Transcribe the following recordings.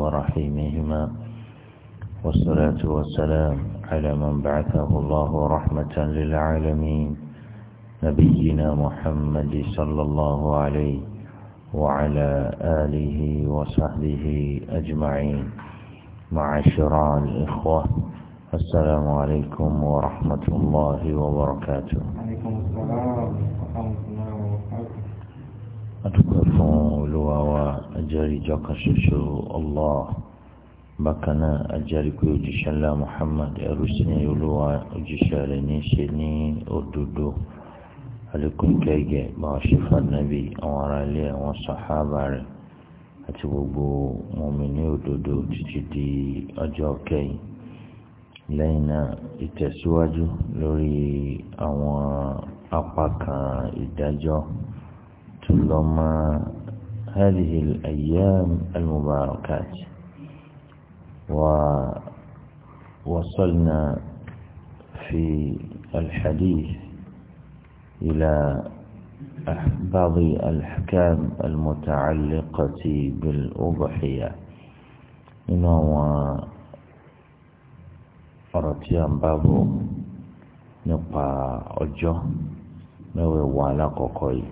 ورحيمهما والصلاة والسلام على من بعثه الله رحمة للعالمين نبينا محمد صلى الله عليه وعلى آله وصحبه أجمعين معاشر الإخوة السلام عليكم ورحمة الله وبركاته عليكم السلام ورحمة الله وبركاته أتكفون olúwa wa ajẹ́rìí ìjọ kan ṣoṣo Allah bákan náà ajẹ́rìí pé òjíṣẹ́ ńlá Muhammad ẹrú sí ní olúwa òjíṣẹ́ rẹ̀ ní í ṣe ní òdodo alekun kẹgẹ báwa ṣe àwọn ará ilé àwọn sàhábà àti gbogbo mùmínì òdodo títí di ọjọ́ kẹyìn lẹ́yìn náà ìtẹ̀síwájú lórí àwọn apá kan ìdájọ́ tó هذه الأيام المباركات ووصلنا في الحديث إلى بعض الأحكام المتعلقة بالأضحية إنه أرتيان بابو نقع أجه نوي وعلاقة قوي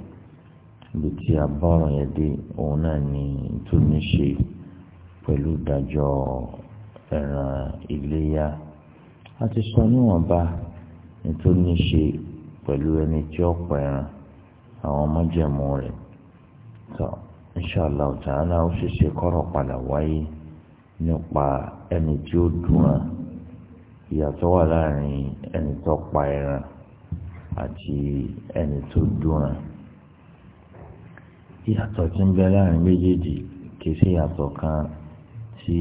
ibi tí a bá ọ̀rọ̀ yẹn dé òun náà ni tó ní ṣe pẹ̀lú ìdájọ́ ẹran iléyà a ti sọ níwọ̀nba tó ní ṣe pẹ̀lú ẹni tí ó pẹ̀ràn àwọn ọmọjẹ̀mú rẹ̀ tọ́ inṣàlá ta'ala ó ṣe ṣe kọ́rọ̀ padà wáyé nípa ẹni tí ó dùnràn ìyàtọ̀ wà láàrin ẹni tó pa ẹran àti ẹni tó dùnràn ìyàtọ̀ tí ń bẹ láàrin méjèèjì kì í ṣe ìyàtọ̀ kan tí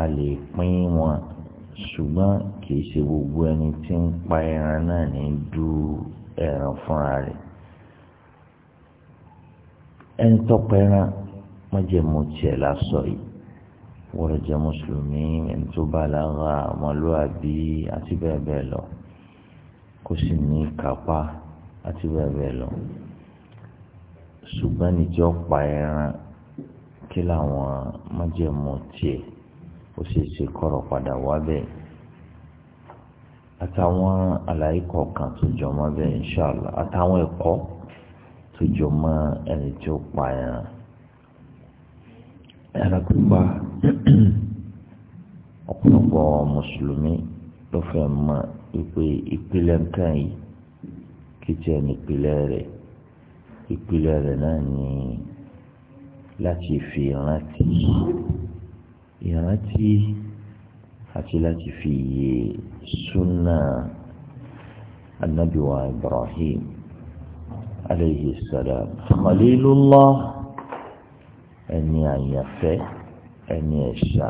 a lè pín wọn ṣùgbọ́n kì í ṣe gbogbo ẹni tí ń pa ẹran náà ní du ẹran fúnra rẹ̀ ẹni tọ́pọ̀ ẹran wọ́n jẹ́ mo tiẹ̀ lásọ yìí wọ́n jẹ́ mùsùlùmí ẹni tó bá lára ọmọlúwàbí àti bẹ́ẹ̀ bẹ́ẹ̀ lọ kó sì ní kápá àti bẹ́ẹ̀ bẹ́ẹ̀ lọ ṣùgbọ́n ní tí ó pa ẹran kí làwọn májẹ̀mú tiẹ̀ ó sì ṣe kọ̀rọ̀ padà wá bẹ́ẹ̀ àtàwọn àlàyé kọ̀ọ̀kan tó jọ mọ́ bẹ́ẹ̀ inṣàlá àtàwọn ẹ̀kọ́ tó jọ mọ́ ẹni tí ó pa ẹran ẹran pípa ọ̀pọ̀lọpọ̀ mùsùlùmí ló fẹ́ mọ̀ wípé ìpìlẹ̀ nǹkan yìí kí tiẹ̀ nípìlẹ̀ rẹ̀. ìpìlẹ̀ rẹ̀ náà ni láti fi ìrántí ìrántí àti láti fi iye súnà anabiwa ibrahim aleyhi salam khalilullah ẹni àyànfẹ́ ẹni ẹ̀ṣà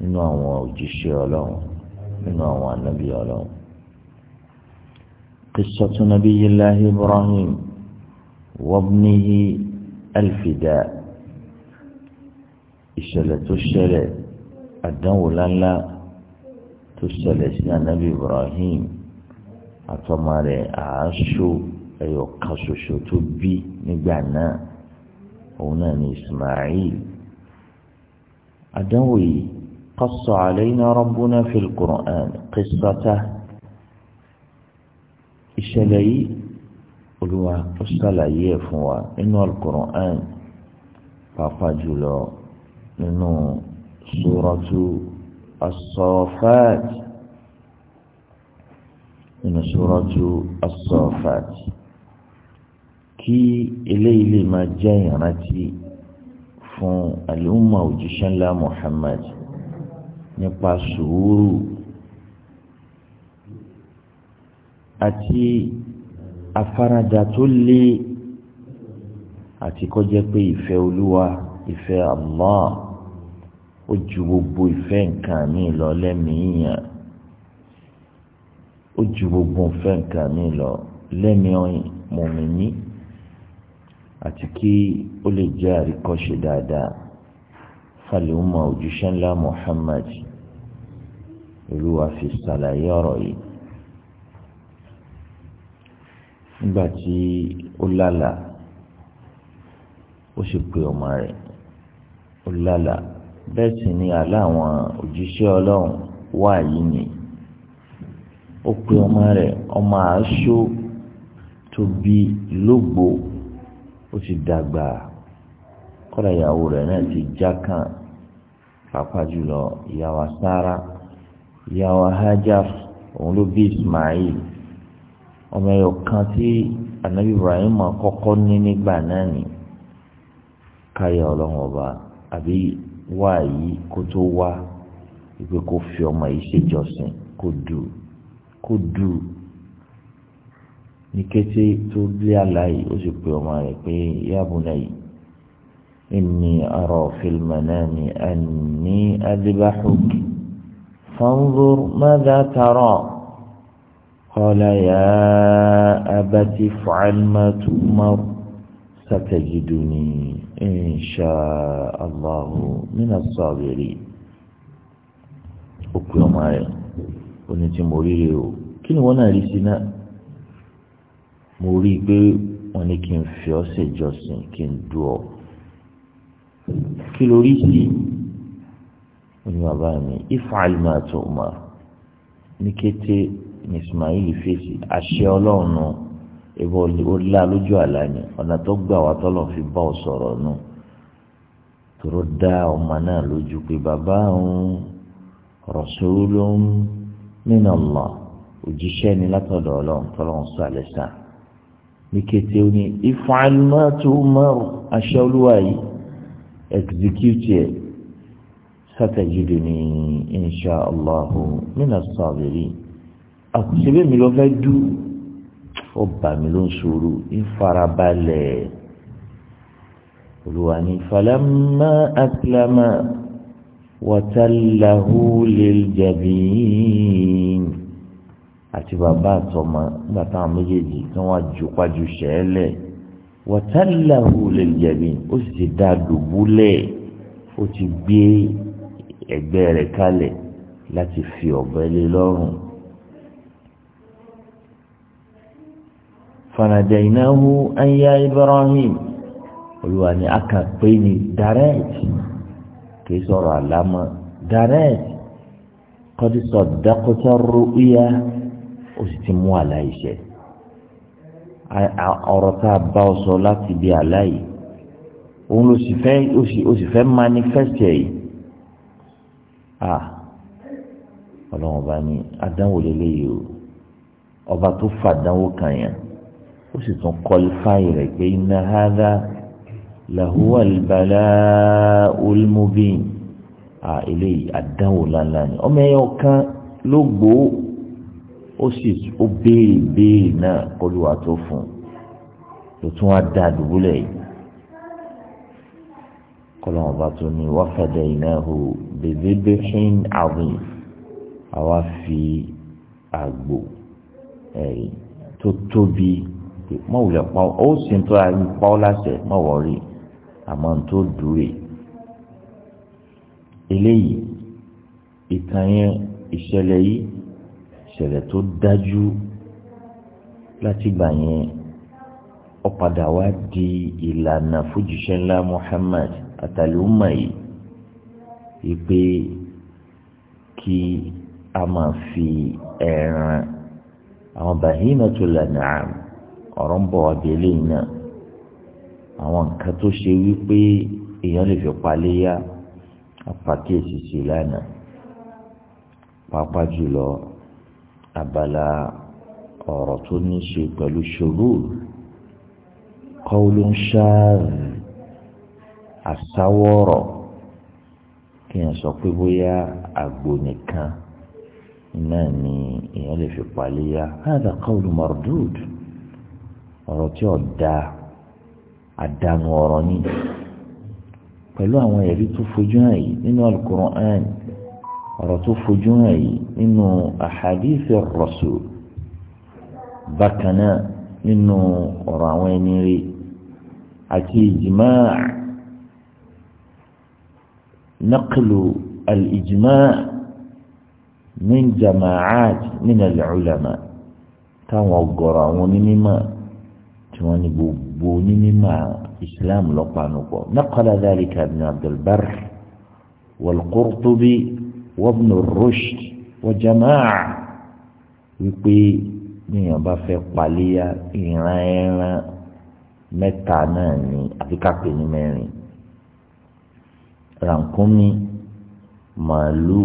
nínú àwọn òjíṣẹ́ ọlọ́run nínú àwọn anabi ọlọ́run. kìsọtún nabi yìí الله ibrahim. وابنه الفداء إشالة الشلة الدولة لا تشتل إسنا نبي إبراهيم أتماري أعشو أيو قشو شو تبي نبعنا هنا إسماعيل أدوي قص علينا ربنا في القرآن قصته إشالي olúwa ó ṣàlàyé ẹ̀ fún wa nínú alukur'an pàápàá jùlọ nínú sórọ́tù asọ́fàt nínú sórọ́tù asọ́fàt kí eléyìí lè máa jẹ́ ìrántí fún àlùmọ̀ òjíṣẹ́ ńlá Muhammad nípa sùúrù àti afaradà tó lé àti kọjá pé ìfẹ́ olúwa ìfẹ́ Allah ó ju gbogbo ìfẹ́ nǹkan mi lọ lẹ́mìí yàn ó ju gbogbo ìfẹ́ nǹkan mi lọ lẹ́mìí mọ̀mìnì àti kí ó lè jẹ́ àríkọ́ṣe dáadáa fàlùmọ̀ òjíṣẹ́ Muhammad olúwa fi ṣàlàyé ọ̀rọ̀ yìí. nígbà tí ó lálà ó sì pe ọmọ rẹ̀ ó lálà bẹ́ẹ̀ sì ni àlá àwọn òjíṣẹ́ ọlọ́run wà yìí ni ó pe ọmọ rẹ̀ ọmọ àásó tóbi lógbó ó sì dàgbà kọ́dà ìyàwó rẹ̀ náà ti já kàn pàápàá jùlọ ìyá Sára ìyá wa òun ló bí Ismail ọmọ ẹyọ kan tí anabi ibrahim kọ́kọ́ ní nígbà náà ni káyọ̀ ọlọ́run ọba àbí wá yìí kó tó wá ìpè kó fi ọmọ yìí ṣèjọsìn kó dù kó dù ní kété tó lé àlàyé ó sì pe ọmọ rẹ̀ pé ya bunayya inni ara fil manami anni adbahuki fanzur madha tara. قال يا أبت افعل ما تؤمر ستجدني إن شاء الله من الصابرين òkú ọmọ rẹ̀ oní tí mo ríre o kí ni wọ́n náà rí sí náà mo rí i pé wọ́n ní kí n fi ọ́ ṣèjọsìn kí n du ọ kí ló rí sí oní bàbá mi ifá àlùmọ́ àtọ̀mọ́ ní kété ní Ismail fèsì àṣẹ ọlọ́run nù ebi olá lójú àlá ni ọ̀nà tó gbà wá tọ́lọ̀ fi bá ọ sọ̀rọ̀ nù tòró dá ọmọ náà lójú pé bàbá òun Rasulun min Allah òjíṣẹ́ ni látọ̀dọ̀ ọlọ́run tọ́lọ́run sàlẹ̀ sàn ní kété ó ní if'al ma tu'mar àṣẹ olúwa yìí execute ẹ̀ satajiduni insha Allahu minas sabirin àkùsíbẹ̀ ah, mi lọ fẹ́ dú ọba mi ló ń sòrò ìfarabalẹ̀ olùwà ní falamma aklama wàtàlàhù liljabin àti bàbá àtọmọ nígbà táwọn méjèèjì tí wọn àjòpájú sẹẹlẹ wàtàlàhù liljabin ó sì ti dá dùbúlẹ̀ ó ti gbé ẹ̀gbẹ́ rẹ̀ kalẹ̀ láti fi ọ̀bẹ lé lọ́rùn. فناديناه أن يا إبراهيم ولواني أكا بيني دارات كي صار علامة دارات قد صدقت الرؤيا أستموا على شيء أرتا باوصو لاتي بي علي ولو سفاي أسي أسي فاهم مانيفستي آه ọlọ́run ọba ni adánwò lélẹ́yìí o ọba tó fàdánwò kan yẹn ó sì tún kọlifáì rẹ̀ pé inna hadha lahuwa al-bala'ul mubin à eléyìí àdánwò lánlá ni ọmọ ẹ̀yọ kan ló gbó ó sì ó béèrè béèrè náà kọlùwà tó fún un ló tún wá dá dùbúlẹ̀ yìí kọlọ́n ọba tó ní wáfàdà ìnáhù bèbèbèhìn àwìn àwa fi àgbò ẹ̀yìn tó tóbi mọ wulẹ̀ pa ó sì ń tọ́ ayé pa ọ́ láṣẹ mọ wọ́ọ́rì àmọ́ n tó dúró eléyìí ìtàn yẹn ìṣẹ̀lẹ̀ yìí ìṣẹ̀lẹ̀ tó dájú láti gbà yẹn ó padà wá di ìlànà fújìṣẹ́ ńlá Muhammad àtàlùmọ̀ yìí ìpè kí a máa fi ẹran àwọn bàhínà tó lànà àmì ọ̀rọ̀ ń bọ̀ ọdẹ eléyìí náà àwọn nǹkan tó ṣe wípé èèyàn lè fi paléyà apàkíyèsí sí lánàá pàápàá jùlọ abala ọ̀rọ̀ tó ní ṣe pẹ̀lú ṣòro kọ́wọ́ló ń ṣáàrì àsáwọ́rọ̀ kí èèyàn sọ pé bóyá àgbo nìkan náà ni èèyàn lè fi paléyà hádà kọ́wọ́ló mardud ọ̀rọ̀ tí ò da àdánù ọ̀rọ̀ ni pẹ̀lú àwọn ẹ̀rí tó fojú hàn yìí nínú al-Qur'an ọ̀rọ̀ tó fojú hàn yìí nínú ahadith ar-rasul bákan nínú ọ̀rọ̀ àwọn ẹni rí àti ìjìmá naqlu al-ijma min jama'at min al táwọn ọ̀gọ̀rọ̀ àwọn onímọ̀ tí wọ́n ní gbogbo onímọ̀ islam lọ́pàánu pọ̀ naqala dhalika ibn abdul barr wal-qurtubi wa ibn rushd wa jama'a wípé níyàn bá fẹ́ paléyà ìran ẹran mẹ́ta náà ní àfikàpé ní mẹ́rin rànkúnmí màálù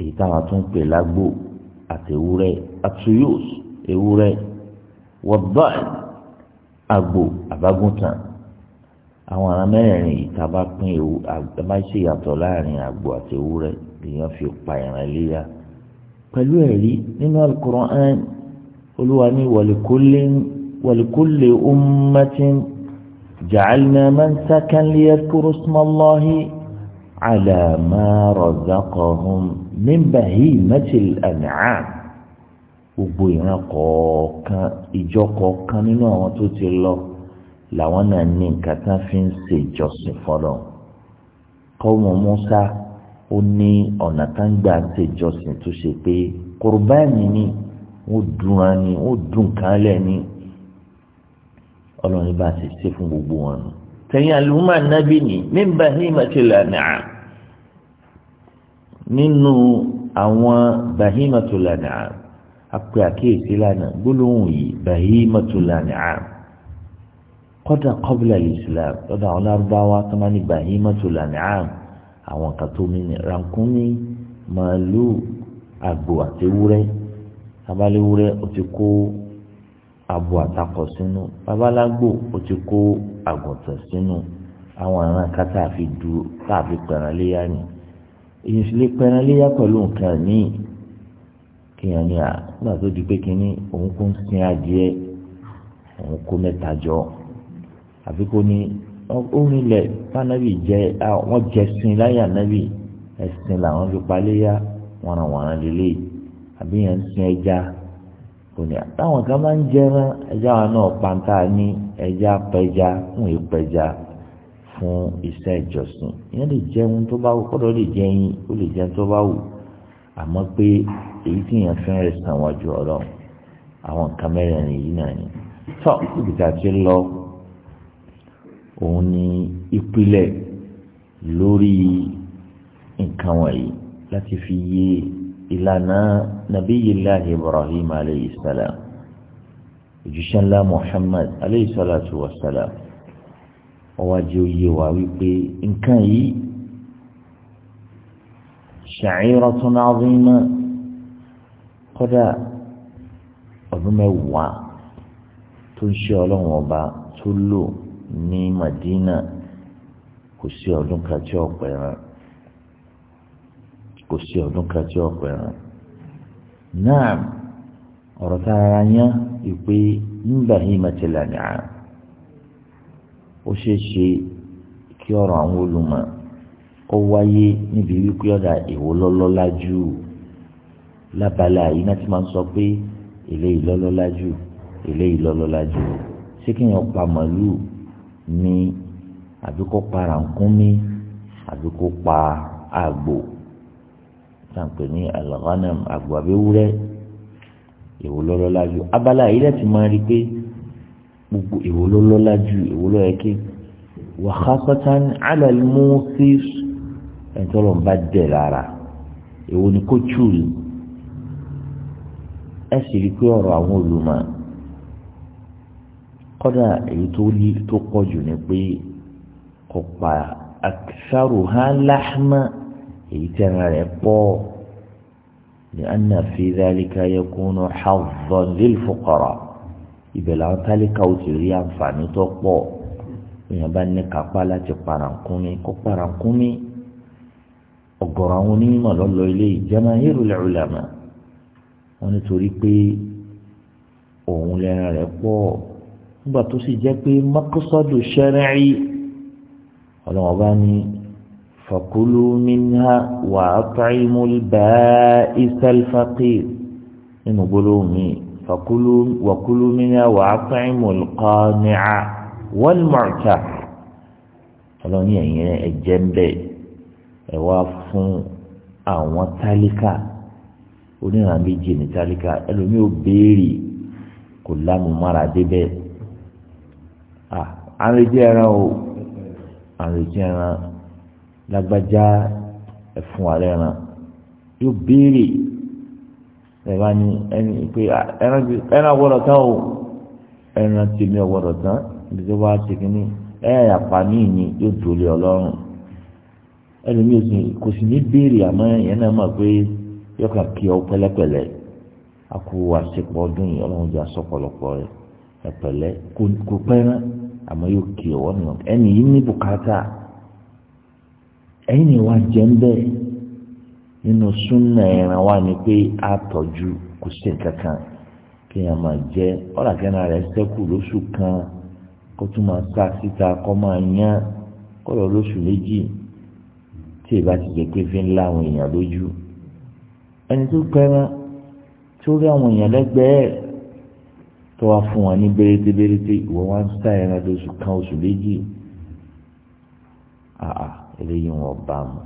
èyí táwọn tún pè lágbo àtẹwúrẹ́ àtúyòs ewúrẹ́. wọ́dọ́ẹ̀ àgbò abagunta àwọn ará mẹ́rin yìí tá a bá pín ewu a bá ṣe ìyàtọ̀ láàrin àgbò àti ewúrẹ́ èèyàn fi pa ìran léyà pẹ̀lú ẹ̀rí alukoro ẹ́n olúwa ní walikulli ummatin ja'alna mansakan kúrò ismallahi àlàmà ma razaqahum min mẹ́tìlì an'am. gbogbo ìran kọ̀ọ̀kan ìjọ kọ̀ọ̀kan nínú àwọn tó ti lọ làwọn náà ní nǹkan tá fi ń ṣe ìjọsìn fọlọ́ kọ́mọ Musa ó ní ọ̀nà tá ń gbà ṣe ìjọsìn tó ṣe ni ó dùnra ni ó dùn ni ọlọ́run bá ṣe ṣe fún gbogbo wọn nù tẹ̀yìn àlùmọ́ ànábì ni nígbà tí màtí nínú apẹ àkíyèsí lánàá gbólóhùn yìí bahimatul an'am kọ́dà qabla al-islam lọ́dọ̀ àwọn lárúbáwá tó máa ní bahimatul an'am àwọn kan tó mi ní rankumi màálù àgbò àti wúrẹ́ abaléwúrẹ́ ó ti kó abo àtakọ sínú babalágbò ó ti kó àgùntàn sínú àwọn àrùn akátá àfi du káàfi pẹ̀rẹ̀léyà ni èyí sì lè pẹ̀rẹ̀léyà pẹ̀lú nǹkan míì kíyàn ní à nígbà tó di pé kínní òun kò ń sin adìẹ òun kó mẹ́ta jọ àfi kó ní orin lẹ̀ fanabi jẹ wọ́n jẹ sin láyé ànábì ẹ̀sìn làwọn fi paléyà wọ̀nàwọ̀nà lélẹ̀ àbí yẹn ń sin ẹja òní àtàwọn kan máa ń jẹran ẹja wa náà pàǹtà ní ẹja pẹja fún ìpẹja fún iṣẹ́ ìjọsìn ìyẹn lè jẹun tó bá wù kọ́dọ̀ lè jẹyin ó lè jẹun tó bá wù àmọ́ pé èyí tí èèyàn fi ń rẹ̀ sàn wájú ọlọ́run àwọn nǹkan mẹ́rin yìí náà ni tọ́ ìgbìtà tí ń lọ òun ni ìpìlẹ̀ lórí nǹkan wọ̀nyí láti fi yé ìlànà nabiyillahi ibrahim aleyhi salam òjíṣẹ́ ńlá muhammad aleyhi salatu wa salam ọwọ́ ajé oyé wa wípé nǹkan yìí sha'iratun azima. kódà ọdún wa tó ń ṣe ọlọ́run ọba tó lò ní Madina kò sí ọdún kan tí ó pẹ́ rán kò sí ọdún kan tí náà tá kí àwọn wáyé níbi wípé lábala yìí náà ti máa ń sọ pé eléyìí lọ́lọ́lá jù eléyìí lọ́lọ́lá jù ṣé pa màálù ní àbí kó pa ràkúnmí àbí kó pa àgbò sàǹpẹ̀ ní alghanam àgbò àbẹ́wúrẹ́ èwo lọ́lọ́lá abala yìí náà ti máa rí pé gbogbo èwo lọ́lọ́lá jù èwo ló yẹ kí wàhásátán alàlmọ́sí ẹ̀ńtọ́lọ́mbà dẹ̀ lára èwo ni kó choose ẹ sì rí pé ọ̀rọ̀ àwọn olùmọ̀ kọ́dà èyí tó lé tó pọ̀ jù ni pé kò pa àkísàrò hàn láhàmà èyí tẹ̀ra rẹ̀ pọ̀ ní anna fi dhalika yakunu hazzan lil fuqara ibẹ̀ làwọn tálíkà ó ti rí àǹfààní tó pọ̀ èèyàn bá ní kápá láti parankúmi kó parankúmi ọ̀gọ̀rọ̀ àwọn onímọ̀ lọ́lọ́ ilé ìjẹ́mọ̀ ayélujára wọn nítorí pé òun lẹ́ran rẹ̀ pọ̀ nígbà tó sì jẹ́ pé maqsadu shar'i ọlọ́wọ́n bá ní fakulu minha wa at'imul ba'isal faqir nínú gbólóhùn mi fakulu wakulu minha wa at'imul qani'a wal mu'tar ọlọ́wọ́n yẹn ẹ̀jẹ̀ ń bẹ̀ ẹ̀ wá fún àwọn tálíkà. oníran méjì ní tálíkà ẹlòmíì ò béèrè kò lámùmára débẹ̀ àrètí ẹran o àrètí ẹran lágbájá ẹfun ẹran yóò béèrè ẹ bá ní ẹni pé ẹran tán o ẹran tán ti yóò kò sì ní béèrè náà mọ̀ yóò kàn kí ọ pẹ̀lẹ́pẹ̀lẹ́ àkó àṣepọ ọdún yìí Ọlọ́run jẹ àṣọpọlọpọ rẹ ẹpẹ̀lẹ́ kò pẹrẹ àmọ́ yóò kí ọwọ́ nù ẹni yìí ní bùkátà ẹ̀yin ni wàá jẹ ń bẹ nínú súnà ẹran wa ni pé àtọjú kò sí nǹkan kan kí èèyàn máa jẹ ọlàkẹ́nà rẹ sẹ́kù lóṣù kan kó tún máa sá síta kó máa yán kó lọ lóṣù méjì tí ìbá ti jẹ pé fi ń láwọn èèyàn lójú ẹni tó pẹ́ran tí ó rí àwọn èèyàn lẹ́gbẹ̀ẹ́ tó wá fún wọn ní bérété bérété ìwọ wá ń sá ẹran lóṣù kan oṣù méjì àà eléyìí wọn bá mu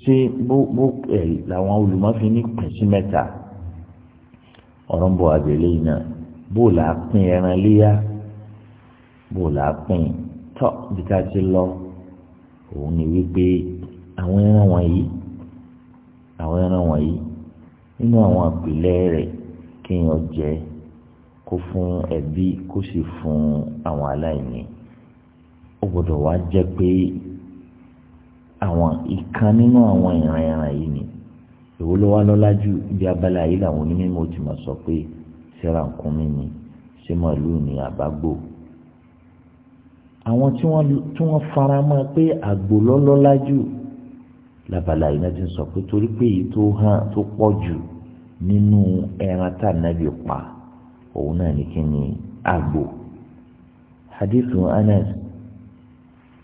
ṣé bó bó ẹ làwọn olùmọ́fin ní pẹ̀sí mẹ́ta ọ̀rọ̀ ń bọ̀ àbẹ̀lẹ̀ yìí náà bó là á pín ẹran léyà bó là á pín tọ́ bí ká ti lọ òun ni wípé àwọn ẹran wọ̀nyí àwọn ẹran wọ̀nyí nínú àwọn àpìlẹ̀ rẹ̀ kéèyàn jẹ kó fún ẹbí kó sì fún àwọn aláìní ó gbọ́dọ̀ wá jẹ́ pé àwọn ìkan nínú àwọn ìran ẹran yìí ni èwo ló wá lọ́lá jù bí abala yìí làwọn onímọ̀ ti mọ̀ sọ pé sẹ́ra nǹkan mi ni ṣé màálù ni àbágbò àwọn tí wọ́n fara mọ́ pé àgbò lọ́lọ́lá jù lábala yìí náà ti sọ pé torí pé èyí tó hàn tó pọ̀ jù nínú ẹran tá nàbì pa òun náà ní kí ni àgbò hadithu anas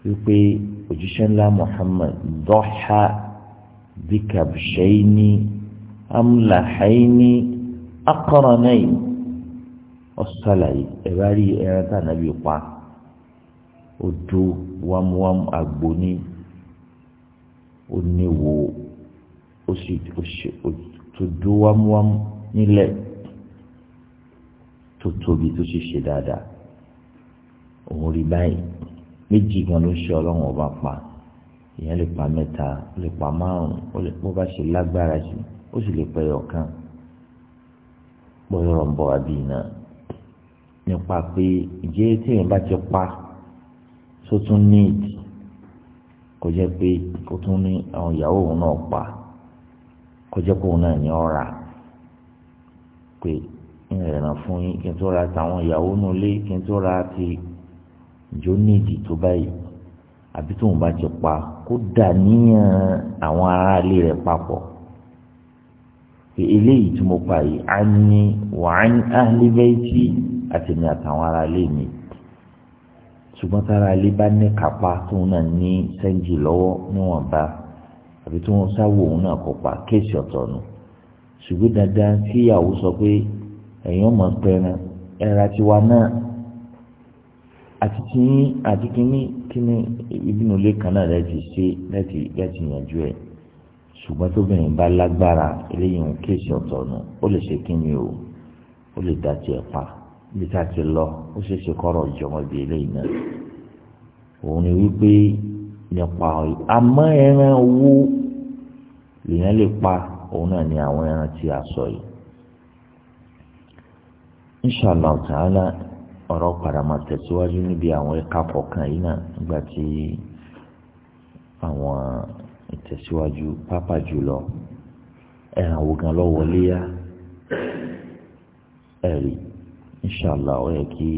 wípé òjíṣẹ́ ńlá muhammad dọ́ha bíkàbṣẹ́ni amlahaini akọrọnẹ́yìn ọ̀sálàyé ẹ̀bá ẹran tá nàbì pa odò wàmúwàmú àgbò ni ó níwò ó sì ó ṣe tó dó wámúwámú nílẹ̀ tó tóbi tó ṣe ṣe dáadáa òun rí báyìí méjì gan ló ṣe ọlọ́run ọba pa èèyàn lè pa mẹ́ta ó lè pa márùn-ún ó lè bó bá ṣe lágbára sí ó sì lè pa ẹyọkan bọ́yọ̀rọ̀ ń bọ̀ wá bíi náà nípa pé ìjẹ́ téèyàn bá ti pa tó tún kó jẹ́ pé kó tún ní àwọn ìyàwó òun náà pa kó jẹ́ pé òun náà ní ọ̀rà pé ń rẹ̀ràn fún yín kí n tó ra tàwọn ìyàwó nù lé kí n tó ra ti ìjó nídìí tó báyìí àbí tóun bá ti pa kó dà níyàn àwọn aráalé rẹ papọ̀ pé eléyìí tí mo pa yìí á ní wàá ní ahli bayti àtẹ̀mí àtàwọn aráalé mi. ṣùgbọ́n tára ilé bá ní kápá tóun náà ní sẹ́ńjì lọ́wọ́ níwọ̀nba àbí tí wọ́n sáwọ́ òun náà kópa kéèsì ọ̀tọ̀ nù ṣùgbọ́n dandan kí ìyàwó sọ pé ẹ̀yin ọmọ pẹran ẹ̀ra tiwa náà àti kínní àti kínní kínní ìbínú ilé kan náà láti ṣe láti láti yànjú ẹ̀ ṣùgbọ́n tóbìnrin bá lágbára eléyìí ń kéèsì ọ̀tọ̀ nù ó lè ṣe kínní o ó lè dá tiẹ̀ pa bí tá a ti lọ ó ṣe ṣe kọ́rọ̀ ìjọba ibi eléyìí náà òun ni wípé nípa àmọ́ ẹran owó lèèyàn lè pa òun náà ni àwọn ẹran tí a sọ yìí inshàlá ta'ala ọ̀rọ̀ padà máa tẹ̀síwájú níbi àwọn ẹ̀ka kọ̀ọ̀kan yìí náà nígbà tí àwọn ìtẹ̀síwájú pápá jùlọ ẹran wo gan lọ́wọ́ léyà ẹ̀rí inṣàlá ó yẹ kí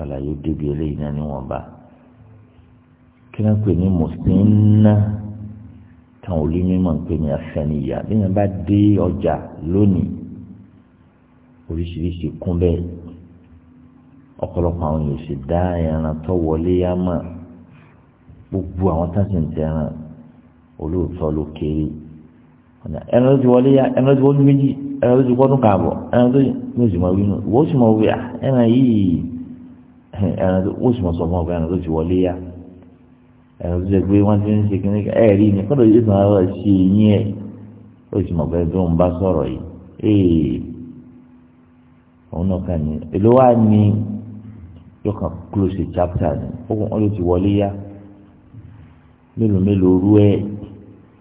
àlàyé débi eléyìí náà níwọ̀nba kí wọ́n pè ní mùsùlùmí táwọn olómìnira ń pè ní afẹniyà bí wọ́n bá dé ọjà lónìí oríṣiríṣi kún bẹ́ẹ̀ ọ̀pọ̀lọpọ̀ àwọn yóò sì dá ẹran tó wọlé yá mọ́ gbogbo àwọn tá a sì ń tẹ ẹran olóòótọ́ ló kéré ẹnu ló ti wọlé ya ẹnu ló ti wọlé méjì ẹnu ló ti kọ́dún kààbọ̀ ẹnu tó ní oṣù mọ̀ wínú wọ́n oṣù mọ̀ wíyà ẹnu yìí ẹnu tó oṣù mọ̀ sọ fún ọgbà ẹnu tó ti wọlé ya ẹnu tó ti gbé wọ́n ti ń ṣe kíní ẹ̀ rí ni kọ́dọ̀ yóò tún ara ṣe yín ẹ̀ oṣù mọ̀ pé tó ń bá sọ̀rọ̀ yìí ee òun náà kàn ní èló wà ní yóò kàn close chapter ni ó ló ti wọlé ya mélòó mélòó rú ẹ̀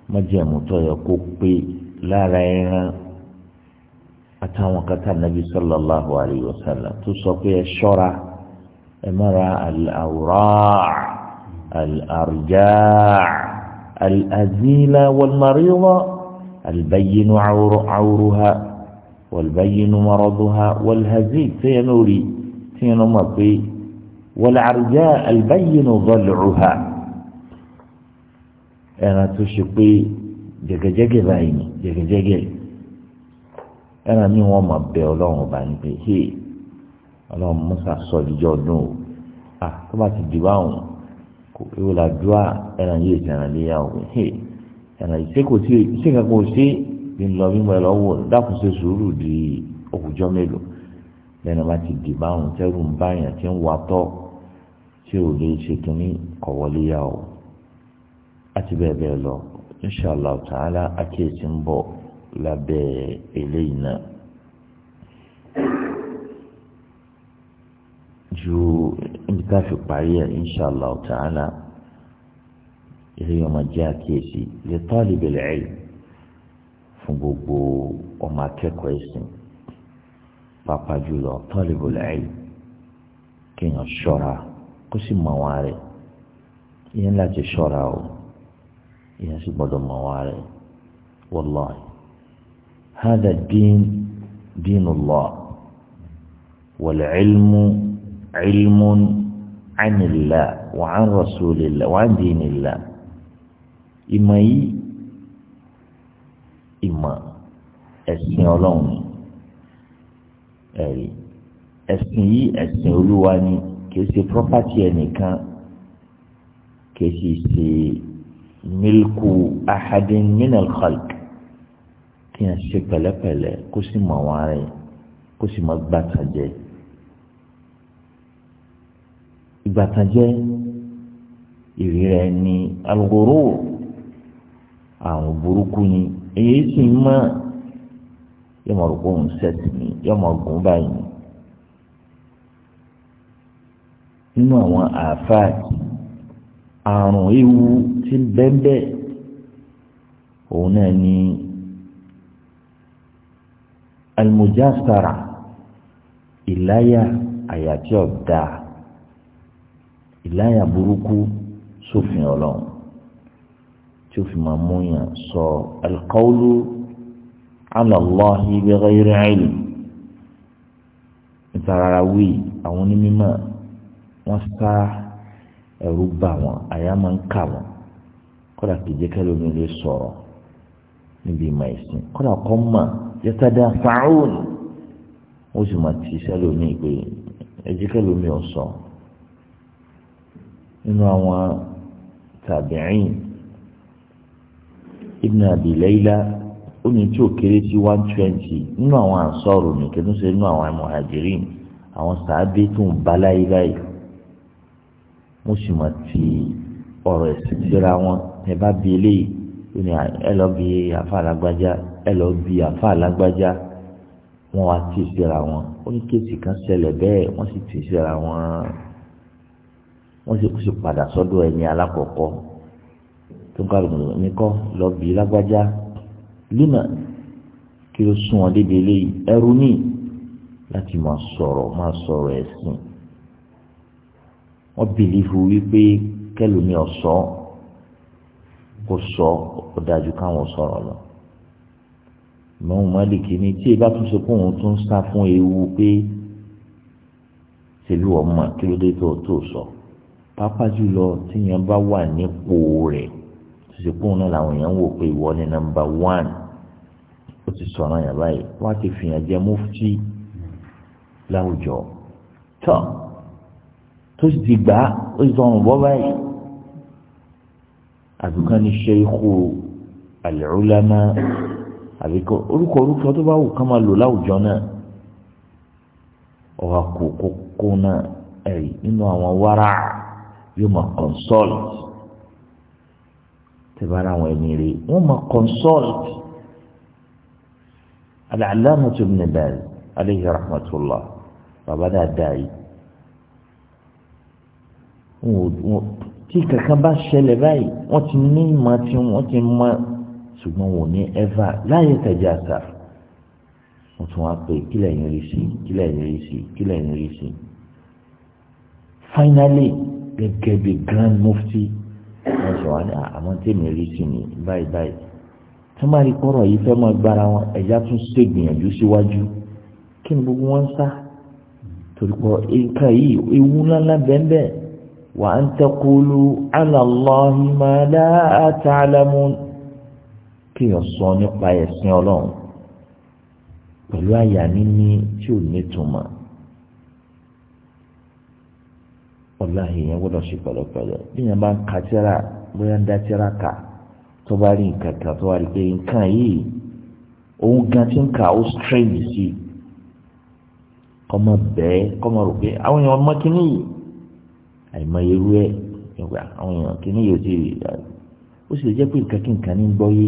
ma májẹ̀mú tó yẹ kó pé lára ẹran àtàwọn kata nabi sallallahu alayhi wa sallam tó sọ pé ẹ ṣọ́ra ẹ mọ́ra al-awra' al-arja' al-azila wal-marida al-bayyinu 'awruha wal-bayyinu maraduha wal-hazil tó yẹ teye ma lọ́mọ pé wal-arja' al-bayyinu dal'uha. ẹran tó ṣe pé jẹgẹjẹgẹ báyìí ni jẹgẹjẹgẹ ẹran mi wọn máa bẹ ọlọ́run ọba ní pé he ọlọ́run musa sọ ìjọ ọdún o à tó bá ti dìbò àwọn kò ewu la dùá ẹran yìí ti ẹran léyà o he ẹran yìí ṣé kò sí ṣé kankan kò sí bí lọ bí mo ẹ lọ wò dákun ṣe sùúrù di òkùjọ mélòó lẹ́nu bá ti dìbò àwọn tẹ́rù ń báyàn tí ń wà tọ́ tí ò lè ṣètò ní kọ̀wọ́léyà o. àti bẹ́ẹ̀ bẹ́ẹ̀ lọ inshallah ta'ala àkíyèsí ń bọ̀ lábẹ́ eléyìí náà. ju ibi a fi parí ẹ̀ inṣàlá ta'ala eléyìí ọmọ jẹ́ àkíyèsí li talibil ilm fún gbogbo ọmọ akẹ́kọ̀ọ́ ẹ̀sìn pàápàá jùlọ talibul ilm kéèyàn ṣọ́ra kó sì mọ̀ wọn rẹ̀ ìyẹn láti ṣọ́ra o. èèyàn sì gbọ́dọ̀ mọ̀ wá rẹ̀ wallahi hada dín dinullah wal ilmu ilmun anillah wa an rasulillah wa an dinillah ìmọ̀ yìí ìmọ̀ ẹ̀sìn ọlọ́run ni ẹ̀rí ẹ̀sìn yìí ẹ̀sìn olúwa ni kì ṣe property ẹnìkan kì í ṣe mílíkù ahadin minal khalq kí n ṣe pẹ̀lẹ́pẹ̀lẹ́ kó sì mọ̀ wọn rẹ̀ kó sì mọ̀ gbàtàjẹ́ ìgbàtàjẹ́ ìrírẹ́ ni alugoro àwọn burúkú ni èyí sì mọ̀ yọmọ ògùn sẹ́ẹ̀tì ni yọmọ ògùn báyìí nínú àwọn àáfàá yìí àrùn ewu tí bẹ́ẹ̀bẹ́ òun náà ni almujasara ìláyà àyàtí ọ̀dà ìláyà burúkú sófin ọlọ́run tí ó fi máa mú yàn sọ alqawlu ala Allahi bi ghayri ilm ìtarara wí àwọn onímọ̀ wọ́n sá ẹ̀rù bà wọ́n àyà máa ń kà wọ́n kódà kìjẹ́ kẹlẹ́mi lè sọ̀rọ̀ níbi ìmọ̀ ẹ̀sìn kódà kọ́ mà yẹtada fàáhùn ó sì máa ti sẹ́lómi pé ẹjẹ́ kẹlẹ́mi ò sọ nínú àwọn tàbíìn Ibn Abi ó ní tí ò kéré sí one twenty nínú àwọn ànsọ́ọ̀rù nìkan tó ṣe nínú àwọn muhajirin àwọn sàábé tó ń bá láyé wọ́n sì máa ti ọ̀rọ̀ ẹ̀sìn síra wọn ẹ bá bi eléyìí ẹ lọ bi àfa alágbájá ẹ lọ bi àfa alágbájá wọ́n wá ti síra wọn ó ní kéèsì kan ṣẹlẹ̀ bẹ́ẹ̀ wọ́n sì ti síra wọn wọ́n sì sì padà sọ́dọ̀ ẹni alákọ̀ọ́kọ́ tó ń kálukú ní kọ́ lọ bi lágbájá lima kí ló sún wọn débi eléyìí ẹrú ní láti máa sọ̀rọ̀ máa sọ̀rọ̀ ẹ̀sìn wọ́n bìlífù wípé kẹlòmí ọ̀sọ́ kò sọ ó dájú káwọn sọ̀rọ̀ lọ. ìmọ̀ọ́n mọ́lìkì ni tí ìbá tún ṣe kóun tún sá fún ewu pé tìlú ọmọ kí ló dé tó tó sọ pápá jùlọ tíyan bá wà nípò rẹ̀ tó ṣe kóun náà làwọn èèyàn ń wò pé ìwọ ni nọ́mbà wán ó ti sọ̀rọ̀ yàrá yìí wọ́n á ti fìyàn jẹ mufti láwùjọ tán tó sì ti gbà ó sì sọ̀rọ̀ bọ́ báyìí àbíkan ní ṣeéhù àlẹ́rúlámà àbíkan orúkọ orúkọ tó bá wù ká máa lò láwùjọ náà ọ̀rọ̀ kò kókó náà ẹ̀rí nínú àwọn wárá yóò máa consult tẹ̀bára àwọn ẹni rè wọ́n máa consult al-allamah Ibn Baz alayhi rahmatullah bàbá dáadáa yìí tí kankan bá ṣẹlẹ̀ báyìí wọ́n ti ní ìmọ̀ tí wọ́n ti mọ̀ ṣùgbọ́n wọ́n ní ẹ̀fà láyé tẹ̀jà sà wọ́n tún wá pé kílẹ̀ yín rí sí kílẹ̀ yín rí sí kílẹ̀ yín rí sí. finally gẹ́gẹ́ bí grand mufti wọ́n sọ wá ní àmọ́ tèmi rí sí ni báyìí báyìí tó má rí kọ́rọ̀ yìí fẹ́ mọ́ gbára wọn ẹ̀já tún ṣègbìyànjú síwájú kí ni gbogbo wọn ń sá torí pọ̀ nǹkan yìí ewu ńláńlá bẹ́ẹ̀ bẹ́ẹ̀. وأن تقولوا على الله ما لا تعلمون kí o sọ nípa ẹ̀sìn ọlọ́run pẹ̀lú àyà níní tí ò nítumọ̀ ọ̀la èèyàn gbọ́dọ̀ ṣe pẹ̀lẹ́pẹ̀lẹ́ bí èèyàn bá ń ka tíra bóyá ń dá tíra kà tó bá rí nǹkan kan tó wá rí pé nǹkan yìí òun àìmọye irú ẹ̀ nígbà àwọn èèyàn kìíní yóò ti ó sì lè jẹ pé nǹkan kí nǹkan ní gbọ́ yé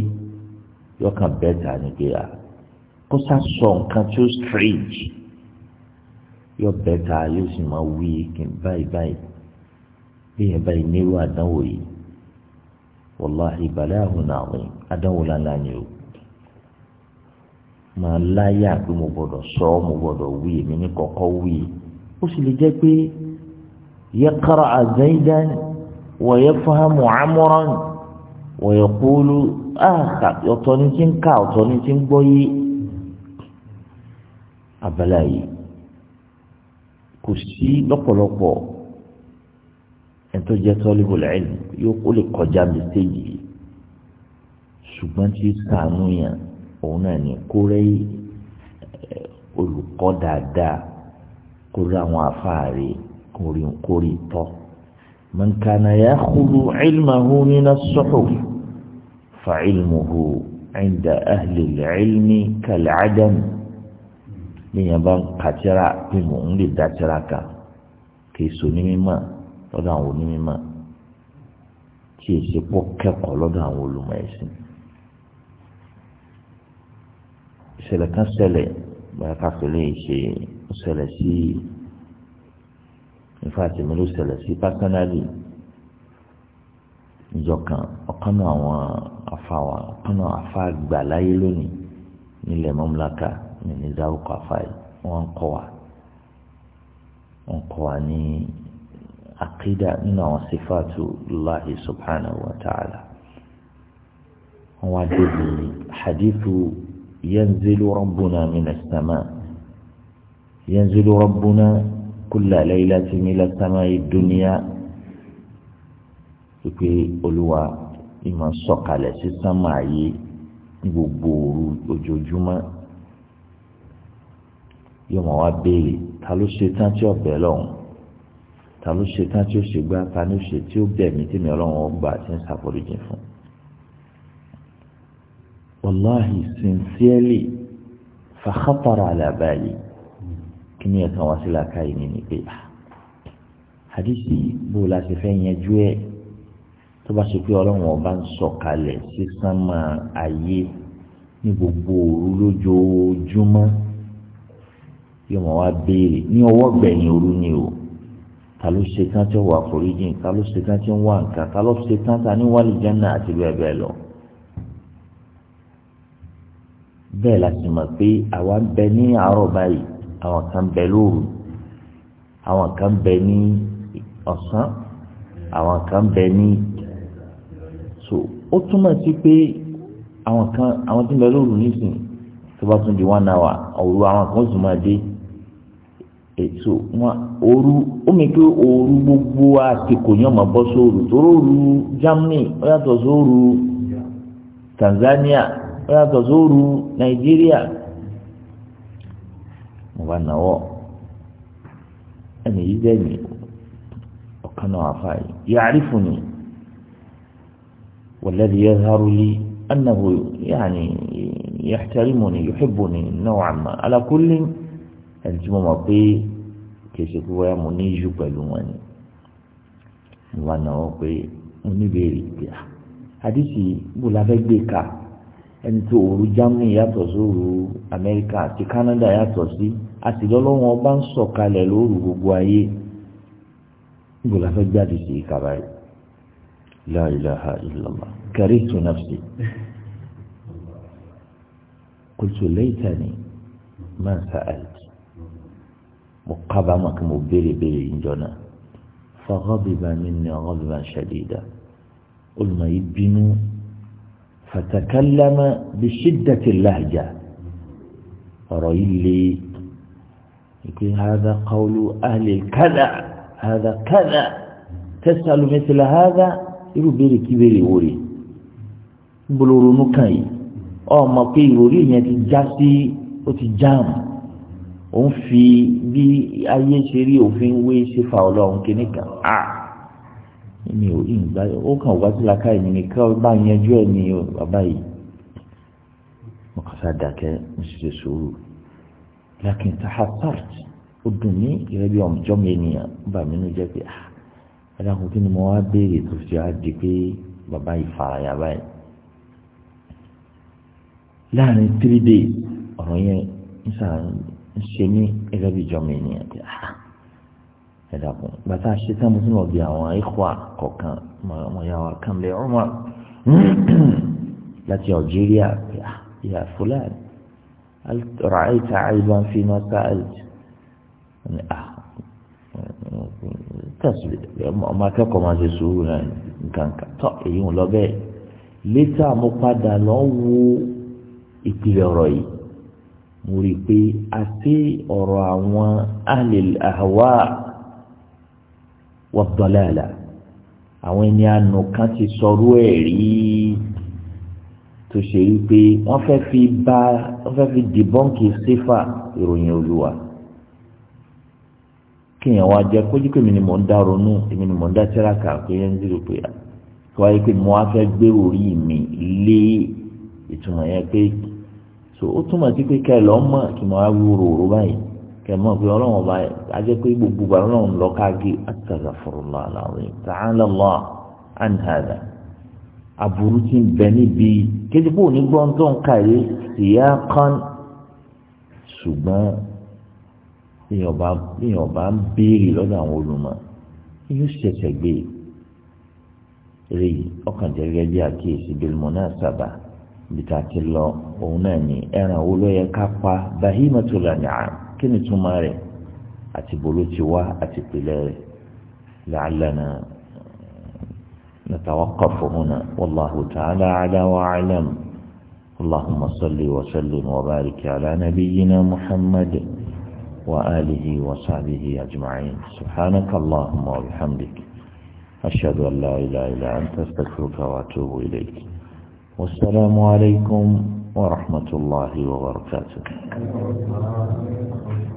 yọkàn bẹ́ẹ̀ ta ni pé à kó sá sọ nǹkan tó strange yọ bẹ́ẹ̀ ta yóò sì máa wí kí n báyìí báyìí bí yẹn báyìí nírú àdánwò o màá láyà pé mo sọ mo wí èmi ní wí ó sì lè يقرأ زيدا ويفهم عمرا ويقول آخر يطنتين كا يطنتين بوي abalayi kò sí lọ́pọ̀lọpọ̀ ẹ̀tọ́ jẹ́ tọ́líbù lẹ́yìn yóò kó lè kọjá mẹ́sẹ́jì ṣùgbọ́n tí sànú yẹn òun náà ní kórè olùkọ́ dáadáa kórè àwọn afáàrí قريطا من كان يأخذ علمه من الصحف فعلمه عند أهل العلم كالعدم نيبان قاترا بمؤمن الداتراكا كي سنمي ما ودعو نمي ما كي سيبوك قولو دعو لما يسن سيلا كان سيلا ما يكافي ليش سيلا سيلا ìfàtí mi ló ṣẹlẹ̀ sí pásánálì ìjọkan ọ̀kanú àwọn afáwa ọ̀kanú afá gbà láyé lónìí nílẹ̀ mọ́múláka ní záwùkọ̀ afá yìí wọ́n ń kọ́ wa wọ́n kọ́ wa ní àkídà nínú àwọn sífàtú láhi subhanahu wa ta'ala wọ́n wá débi hadithu yanzilu rabbuna minas sama yanzilu rabbuna kúlà lẹ́yìnlá tí mi lásánmá yìí dúníyà pípé olúwa ìmọ̀ sọ̀kalẹ̀ sí sánmà yìí ní gbogbo òru ojoojúmọ́ yóò mọ̀ wá béèrè ta ló ṣe tán tí ọ̀bẹ lọ́hùn ta ló ṣe tán tí ó ṣe gbá ta ló ṣe tí ó bẹ̀mí tí mi ọlọ́run ọgbà ti ń ṣàforíjì fún wàláhì sincerely fàkàtàrà àlàbà yìí kíní ẹ̀ka wá sí làákàyè ní ní pé àdìsí bó la ti fẹ́ yanjú ẹ̀ tó bá ṣe pé ọlọ́run ọba ń sọ̀kalẹ̀ sí sánmà ayé ní gbogbo òru lójoojúmọ́ yóò mọ̀ wá béèrè ní ọwọ́ gbẹ̀yìn òru ni o ta ló ṣe tán tí ó wà foríjìn ta ló ṣe tán tí ń wà nǹkan ta ló ṣe tán ta ní wàlí jánà àti bẹ́ẹ̀ bẹ́ẹ̀ lọ. bẹ́ẹ̀ la sì mọ̀ pé àwa ń bẹ ní àárọ̀ báyìí àwọn kan bẹ lóru àwọn kan bẹ ní ọ̀sán àwọn kan bẹ ní so ó túmọ̀ sí pé àwọn kan àwọn tí ń bẹ lóru nísìn tó bá tún di one hour òru àwọn kan ó sì máa dé ètò wọn òru ó mi pé òru gbogbo àsìkò yẹn máa bọ́ sóòru tóró òru Germany ó yàtọ̀ sóòru Tanzania ó yàtọ̀ sóòru Nàìjíríà mo bá náwó ẹnì yìí dẹ́mi ọ̀kan náà afa yìí yàrá fún mi wàlẹ́dì yẹn haro lé anahu yaani yàtàrímùnì yòhìbùnì náà àmà alákùnrin ẹni tí mo mọ̀ pé kèsì pé wáyà mo ní iṣu pẹ̀lú wọn ni mo bá náwó pé mo níbèrè ìgbà ah, àdìsí bó la fẹ́ gbé ka ẹni tó òru Germany yàtọ̀ sóru Amẹ́ríkà àti Canada yàtọ̀ sí. Si, àtìlọ́lọ́wọ́n ọba ń sọ̀kalẹ̀ lóru gbogbo ayé níbo la fẹ́ jáde sí ìkàrà yìí la ilaha illallah karihtu nafsi qultu laytani ma sa'altu mo kábàámọ̀ kí mo béèrè béèrè ìjọ náà fa ghadiba minni ghadban shadida olùmọ̀ yìí bínú fatakallama bi shiddati lahja ọ̀rọ̀ yìí lé. يقول هذا قول أهل كذا هذا كذا تسأل مثل هذا يبيري كبيري وري بلورو نكاي أو ما في وري يتجاسي وتجام òun fi jam ayé ṣe rí òfin wé ṣe fa ọlọ́run kìíní kan á mi ìgbà ó kàn wá sí laka bá yanjú ẹ̀ ní bàbá yìí kàn sá lakin tahasart ó dùn mí ìrẹ́ bí ọmọ jọ́mi ènìyàn bà mí nínú jẹ́ pé ah ẹ̀dá kò kí ni mo wá béèrè tó fi á di pé bàbá ìfaraya báyìí láàrin three days ọ̀rọ̀ yẹn ń sàn ń ṣe ní ìrẹ́ bí jọ́mi ènìyàn pé ah ẹ̀dá kò gbàtà ṣe tán mo tún lọ bí àwọn ikọ̀ kọ̀ọ̀kan mo yà wá kàn lé ọmọ láti Algeria pé ah ìyá fúlàní hal ra'ayta ayban fi ma sa'alt ni a tẹsí ọmọ akẹ́kọ̀ọ́ máa ṣe sùúrù náà nǹkan kan tọ èyí ń lọ bẹ́ẹ̀ létà mo padà lọ wo ìpìlẹ̀ ọ̀rọ̀ yìí mo rí i pé àti ọ̀rọ̀ àwọn ahlil ahwa wa dalala àwọn ẹni àánú kan ti sọrú ẹ̀ rí tó ṣe rí i pé wọ́n fẹ́ fi bá fẹ́ fi dìbọ́ǹkì sífà ìròyìn olúwa kéèyàn wá jẹ kójú pé èmi ni mò ń dá ronú èmi ni mò ń dá tíraka pé yẹn ń dìrò pé wáyé pé mo wá fẹ́ gbé orí mi lé ìtumọ̀ yẹn pé so ó túmọ̀ sí pé kẹlẹ́ ọmọ kì wúro òru báyìí pé ọlọ́run ọba ajẹ́ pé gbogbo ọlọ́run lọ́ọ́ káàgé àtàlà fọ̀rọ̀ àlàáfíà tààlà aburú ti ń bẹ níbi kéjìpọ̀ onígbọ́n tó ń kàwé kan ṣùgbọ́n èèyàn bá ń béèrè lọ́dọ̀ àwọn olùmọ̀ yóò ṣẹ̀ṣẹ̀ gbé e. rí ọkàn jẹ́gẹ́ bí àkíyèsí bílmọ̀ náà sábà ti lọ òun náà ní ẹran owó ló ká pa kí ni bolo ti wá àti rẹ̀ نتوقف هنا والله تعالى على وأعلم اللهم صل وسلم وبارك على نبينا محمد وآله وصحبه أجمعين سبحانك اللهم وبحمدك أشهد أن لا إله إلا أنت استغفرك وأتوب إليك والسلام عليكم ورحمة الله وبركاته